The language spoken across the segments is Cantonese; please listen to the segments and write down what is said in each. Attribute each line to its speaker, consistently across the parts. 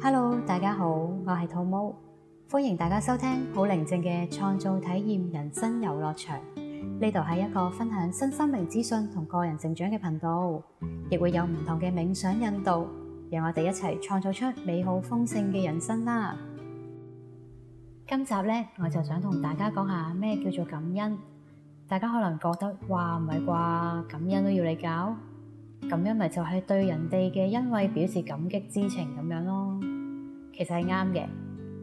Speaker 1: Hello，大家好，我係 Tomo，歡迎大家收聽好寧靜嘅創造體驗人生遊樂場。呢度係一個分享新生命資訊同個人成長嘅頻道，亦會有唔同嘅冥想引導，讓我哋一齊創造出美好豐盛嘅人生啦。今集咧，我就想同大家講下咩叫做感恩。大家可能覺得，哇唔係啩，感恩都要你搞？咁樣咪就係對人哋嘅恩惠表示感激之情咁樣咯，其實係啱嘅。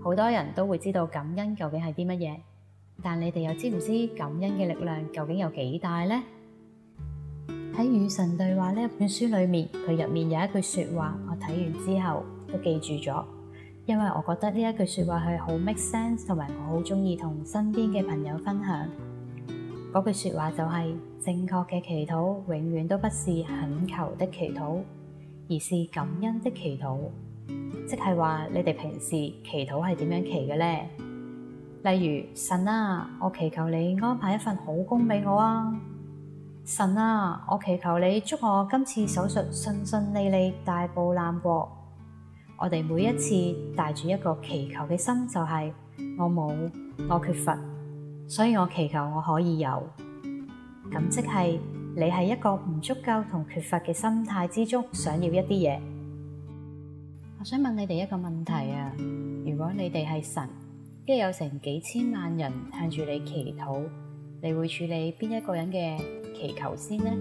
Speaker 1: 好多人都會知道感恩究竟係啲乜嘢，但你哋又知唔知感恩嘅力量究竟有幾大呢？喺《與 神對話》呢一本書裏面，佢入面有一句説話，我睇完之後都記住咗，因為我覺得呢一句説話係好 make sense，同埋我好中意同身邊嘅朋友分享。嗰句説話就係、是、正確嘅祈禱，永遠都不是懇求的祈禱，而是感恩的祈禱。即係話你哋平時祈禱係點樣祈嘅呢？例如神啊，我祈求你安排一份好工俾我啊！神啊，我祈求你祝我今次手術順順利利，大步檻過。我哋每一次帶住一個祈求嘅心、就是，就係我冇，我缺乏。所以我祈求我可以有，咁即係你係一個唔足夠同缺乏嘅心態之中，想要一啲嘢。我想問你哋一個問題啊：如果你哋係神，跟住有成幾千萬人向住你祈禱，你會處理邊一個人嘅祈求先呢？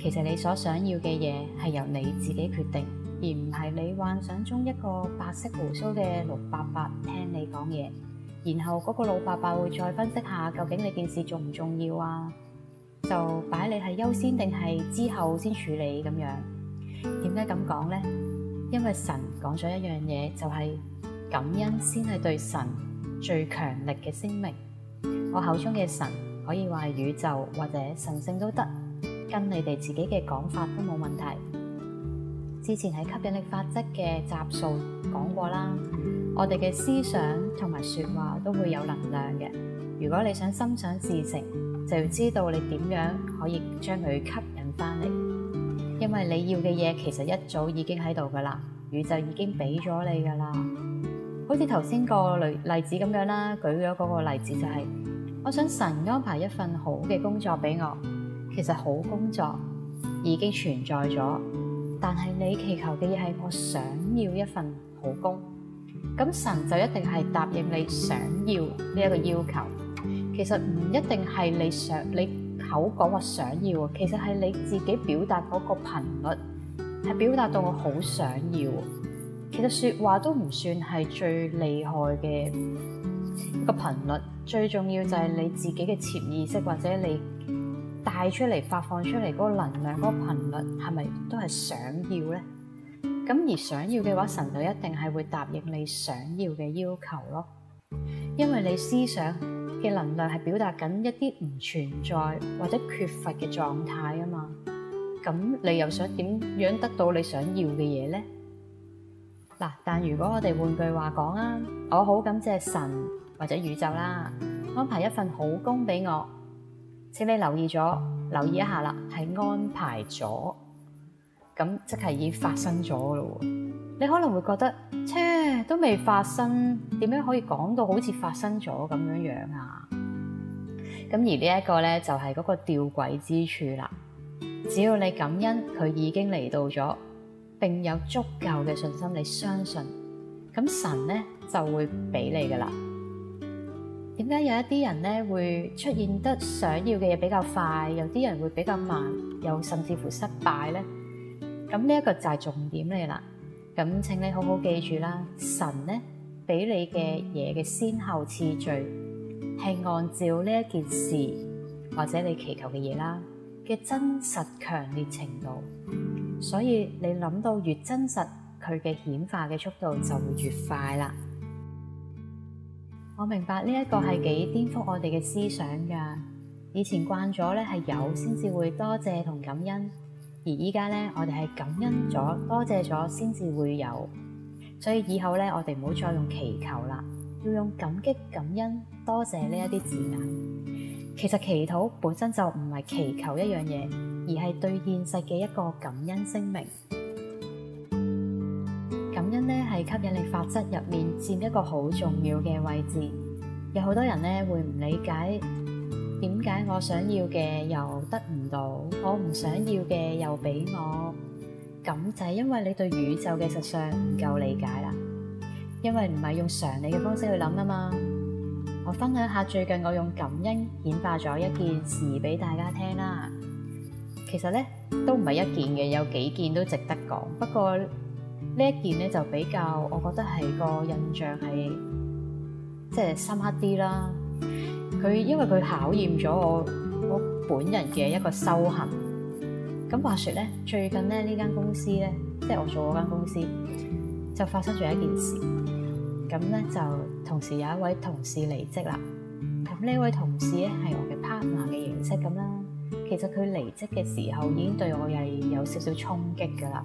Speaker 1: 其實你所想要嘅嘢係由你自己決定，而唔係你幻想中一個白色鬍鬚嘅老伯伯聽你講嘢。然後嗰個老伯伯會再分析下，究竟你件事重唔重要啊？就擺你係優先定係之後先處理咁樣。點解咁講呢？因為神講咗一樣嘢，就係感恩先係對神最強力嘅聲明。我口中嘅神可以話係宇宙或者神聖都得，跟你哋自己嘅講法都冇問題。之前喺吸引力法則嘅集數講過啦。我哋嘅思想同埋說話都會有能量嘅。如果你想心想事成，就要知道你點樣可以將佢吸引翻嚟。因為你要嘅嘢其實一早已經喺度噶啦，宇宙已經俾咗你噶啦。好似頭先個例例子咁樣啦，舉咗嗰個例子就係、是，我想神安排一份好嘅工作俾我，其實好工作已經存在咗，但係你祈求嘅嘢係我想要一份好工。咁神就一定係答應你想要呢一個要求，其實唔一定係你想你口講話想要啊，其實係你自己表達嗰個頻率，係表達到我好想要。其實說話都唔算係最厲害嘅一個頻率，最重要就係你自己嘅潛意識或者你帶出嚟、發放出嚟嗰個能量、嗰個頻率係咪都係想要咧？咁而想要嘅話，神就一定係會答應你想要嘅要求咯，因為你思想嘅能量係表達緊一啲唔存在或者缺乏嘅狀態啊嘛。咁你又想點樣得到你想要嘅嘢呢？嗱，但如果我哋換句話講啊，我好感謝神或者宇宙啦，安排一份好工俾我。請你留意咗，留意一下啦，係安排咗。咁即係已發生咗咯。你可能會覺得，切都未發生，點樣可以講到好似發生咗咁樣樣啊？咁而呢一個呢，就係、是、嗰個吊詭之處啦。只要你感恩，佢已經嚟到咗，並有足夠嘅信心，你相信，咁神呢就會俾你噶啦。點解有一啲人呢會出現得想要嘅嘢比較快，有啲人會比較慢，又甚至乎失敗呢？咁呢一個就係重點嚟啦。咁請你好好記住啦，神咧俾你嘅嘢嘅先後次序係按照呢一件事或者你祈求嘅嘢啦嘅真實強烈程度。所以你諗到越真實，佢嘅顯化嘅速度就會越快啦。我明白呢一個係幾顛覆我哋嘅思想㗎。以前慣咗咧係有先至會多謝同感恩。而依家咧，我哋係感恩咗，多謝咗，先至會有。所以以後咧，我哋唔好再用祈求啦，要用感激、感恩、多謝呢一啲字眼。其實祈禱本身就唔係祈求一樣嘢，而係對現實嘅一個感恩聲明。感恩咧係吸引力法則入面佔一個好重要嘅位置。有好多人咧會唔理解。點解我想要嘅又得唔到？我唔想要嘅又俾我？咁就係因為你對宇宙嘅實相唔夠理解啦。因為唔係用常理嘅方式去諗啊嘛。我分享下最近我用感恩顯化咗一件事俾大家聽啦。其實咧都唔係一件嘅，有幾件都值得講。不過呢一件咧就比較，我覺得係個印象係即係深刻啲啦。佢因為佢考驗咗我，我本人嘅一個修行。咁話說咧，最近咧呢間公司咧，即係我做嗰間公司，就發生咗一件事。咁咧就同時有一位同事離職啦。咁呢位同事咧係我嘅 partner 嘅形式咁啦。其實佢離職嘅時候已經對我係有少少衝擊㗎喇。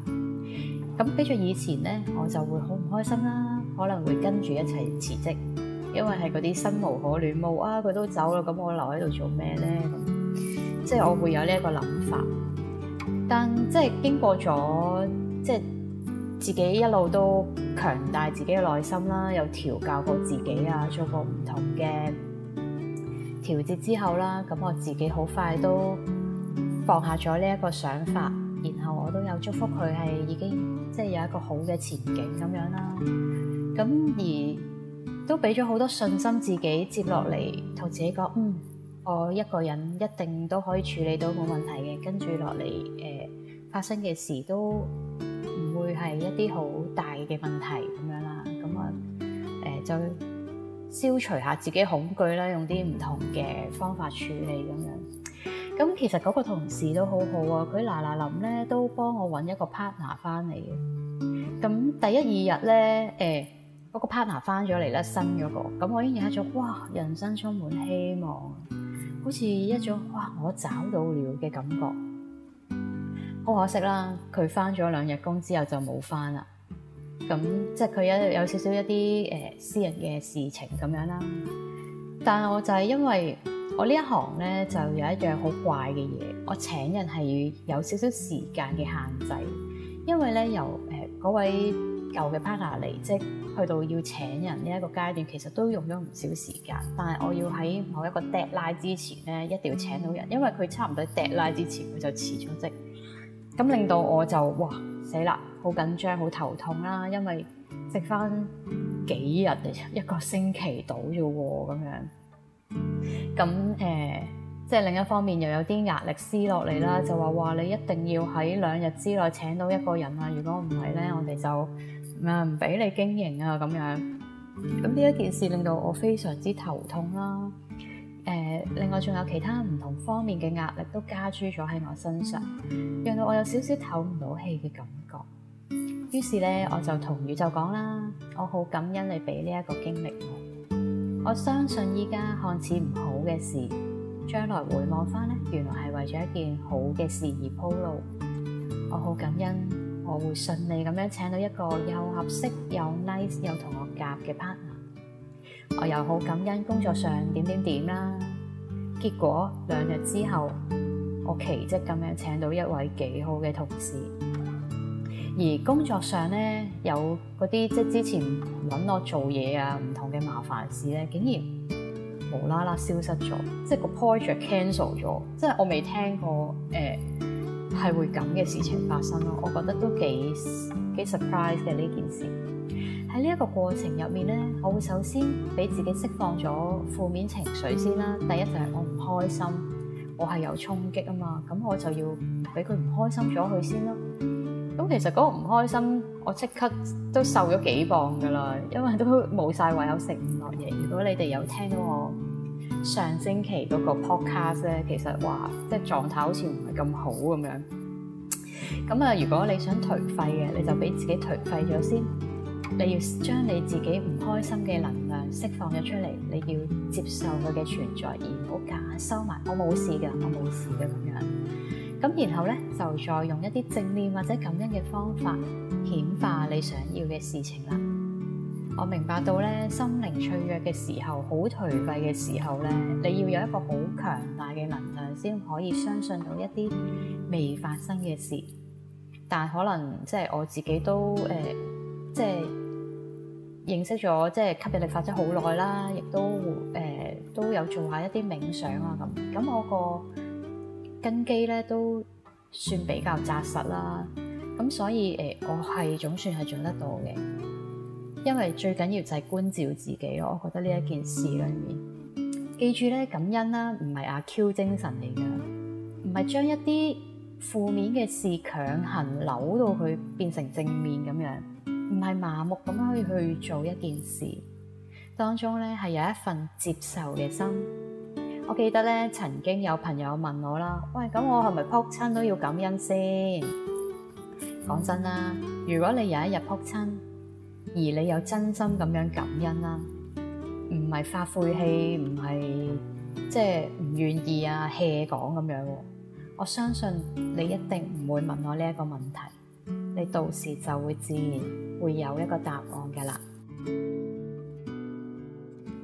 Speaker 1: 咁比起以前咧，我就會好唔開心啦，可能會跟住一齊辭職。因為係嗰啲生無可戀無，冇啊佢都走啦，咁我留喺度做咩咧？咁即係我會有呢一個諗法，但即係經過咗即係自己一路都強大自己嘅內心啦，又調教過自己啊，做過唔同嘅調節之後啦，咁我自己好快都放下咗呢一個想法，然後我都有祝福佢係已經即係有一個好嘅前景咁樣啦。咁而都俾咗好多信心自己，接落嚟同自己講，嗯，我一個人一定都可以處理到冇問題嘅。跟住落嚟，誒，發生嘅事都唔會係一啲好大嘅問題咁樣啦。咁啊，誒，就消除下自己恐懼啦，用啲唔同嘅方法處理咁樣。咁其實嗰個同事都好好啊，佢嗱嗱臨咧都幫我搵一個 partner 翻嚟嘅。咁第一二日咧，誒。嗰個 partner 翻咗嚟咧，新嗰、那個咁，我已經有一種哇，人生充滿希望，好似一種哇，我找到了嘅感覺。好可惜啦，佢翻咗兩日工之後就冇翻啦。咁即係佢有有少少一啲誒、呃、私人嘅事情咁樣啦。但係我就係因為我呢一行咧，就有一樣好怪嘅嘢，我請人係有少少時間嘅限制，因為咧由誒嗰、呃、位舊嘅 partner 離職。去到要請人呢一個階段，其實都用咗唔少時間，但係我要喺某一個 deadline 之前呢，一定要請到人，因為佢差唔多 deadline 之前佢就辭咗職，咁令到我就哇死啦，好緊張，好頭痛啦，因為食翻幾日一個星期到啫喎，咁樣，咁誒，即係另一方面又有啲壓力施落嚟啦，就話哇你一定要喺兩日之內請到一個人啊，如果唔係呢，我哋就。唔俾你經營啊，咁樣，咁呢一件事令到我非常之頭痛啦。誒、呃，另外仲有其他唔同方面嘅壓力都加諸咗喺我身上，令到我有少少透唔到氣嘅感覺。於是咧，我就同宇宙講啦，我好感恩你俾呢一個經歷我。我相信依家看似唔好嘅事，將來回望翻咧，原來係為咗一件好嘅事而鋪路。我好感恩。我會順利咁樣請到一個又合適又 nice 又同我夾嘅 partner，我又好感恩工作上點點點啦。結果兩日之後，我奇蹟咁樣請到一位幾好嘅同事，而工作上咧有嗰啲即係之前揾我做嘢啊唔同嘅麻煩事咧，竟然無啦啦消失咗，即係個 project cancel 咗，即係我未聽過誒。誒係會咁嘅事情發生咯，我覺得都幾幾 surprise 嘅呢件事。喺呢一個過程入面咧，我會首先俾自己釋放咗負面情緒先啦。第一就係我唔開心，我係有衝擊啊嘛，咁我就要俾佢唔開心咗佢先咯。咁其實嗰個唔開心，我即刻都瘦咗幾磅噶啦，因為都冇晒胃口食唔落嘢。如果你哋有聽到我。上星期嗰個 podcast 咧，其實話，即係狀態好似唔係咁好咁樣。咁啊，如果你想頹廢嘅，你就俾自己頹廢咗先。你要將你自己唔開心嘅能量釋放咗出嚟。你要接受佢嘅存在，而唔好夾硬收埋。我冇事嘅，我冇事嘅咁樣。咁然後咧，就再用一啲正面或者感恩嘅方法顯化你想要嘅事情啦。我明白到咧，心靈脆弱嘅時候，好頹廢嘅時候咧，你要有一個好強大嘅能量，先可以相信到一啲未發生嘅事。但可能即係我自己都誒、呃，即係認識咗，即係吸引力法則好耐啦，亦都誒、呃、都有做下一啲冥想啊咁。咁我個根基咧都算比較扎實啦。咁所以誒、呃，我係總算係做得到嘅。因為最緊要就係觀照自己咯，我覺得呢一件事裏面，記住咧感恩啦，唔係阿 Q 精神嚟㗎，唔係將一啲負面嘅事強行扭到佢變成正面咁樣，唔係麻木咁樣可以去做一件事，當中咧係有一份接受嘅心。我記得咧曾經有朋友問我啦，喂，咁我係咪撲親都要感恩先？講真啦，如果你有一日撲親，而你又真心咁樣感恩啦，唔係發晦氣，唔係即係唔願意啊，hea 講咁樣。我相信你一定唔會問我呢一個問題，你到時就會自然會有一個答案嘅啦。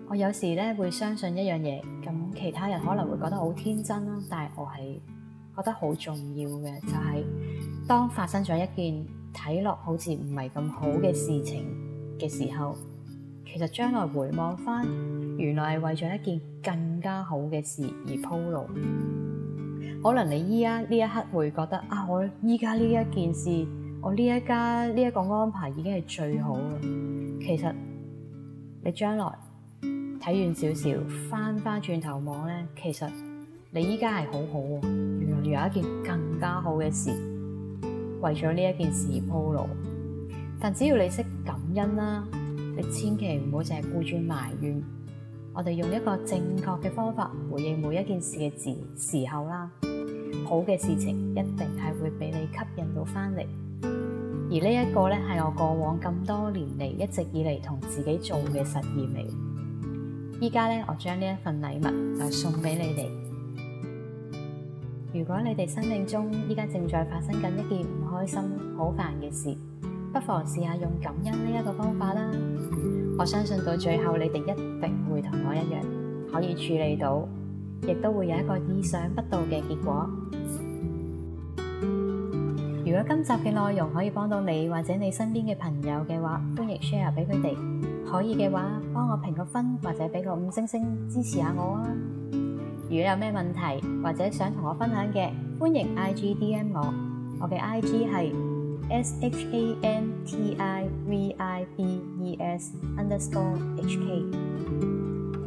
Speaker 1: 我有時咧會相信一樣嘢，咁其他人可能會覺得好天真啦，但係我係覺得好重要嘅，就係、是、當發生咗一件睇落好似唔係咁好嘅事情。嘅時候，其實將來回望翻，原來係為咗一件更加好嘅事而鋪路。可能你依家呢一刻會覺得啊，我依家呢一件事，我呢一家呢一個安排已經係最好啦。其實你將來睇遠少少，翻翻轉頭望咧，其實你依家係好好喎。原來有一件更加好嘅事，為咗呢一件事鋪路。但只要你識感恩啦，你千祈唔好淨係顧住埋怨。我哋用一個正確嘅方法回應每一件事嘅時候啦，好嘅事情一定係會俾你吸引到翻嚟。而呢一個咧係我過往咁多年嚟一直以嚟同自己做嘅實驗嚟。依家咧，我將呢一份禮物就送俾你哋。如果你哋生命中依家正在發生緊一件唔開心、好煩嘅事，不妨試下用感恩呢一個方法啦！我相信到最後，你哋一定會同我一樣可以處理到，亦都會有一個意想不到嘅結果。如果今集嘅內容可以幫到你或者你身邊嘅朋友嘅話，歡迎 share 俾佢哋。可以嘅話，幫我評個分或者俾個五星星支持下我啊！如果有咩問題或者想同我分享嘅，歡迎 IG DM 我，我嘅 IG 係 Shantivibes_HK，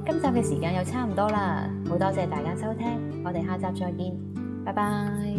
Speaker 1: 今集嘅時間又差唔多啦，好多謝大家收聽，我哋下集再見，拜拜。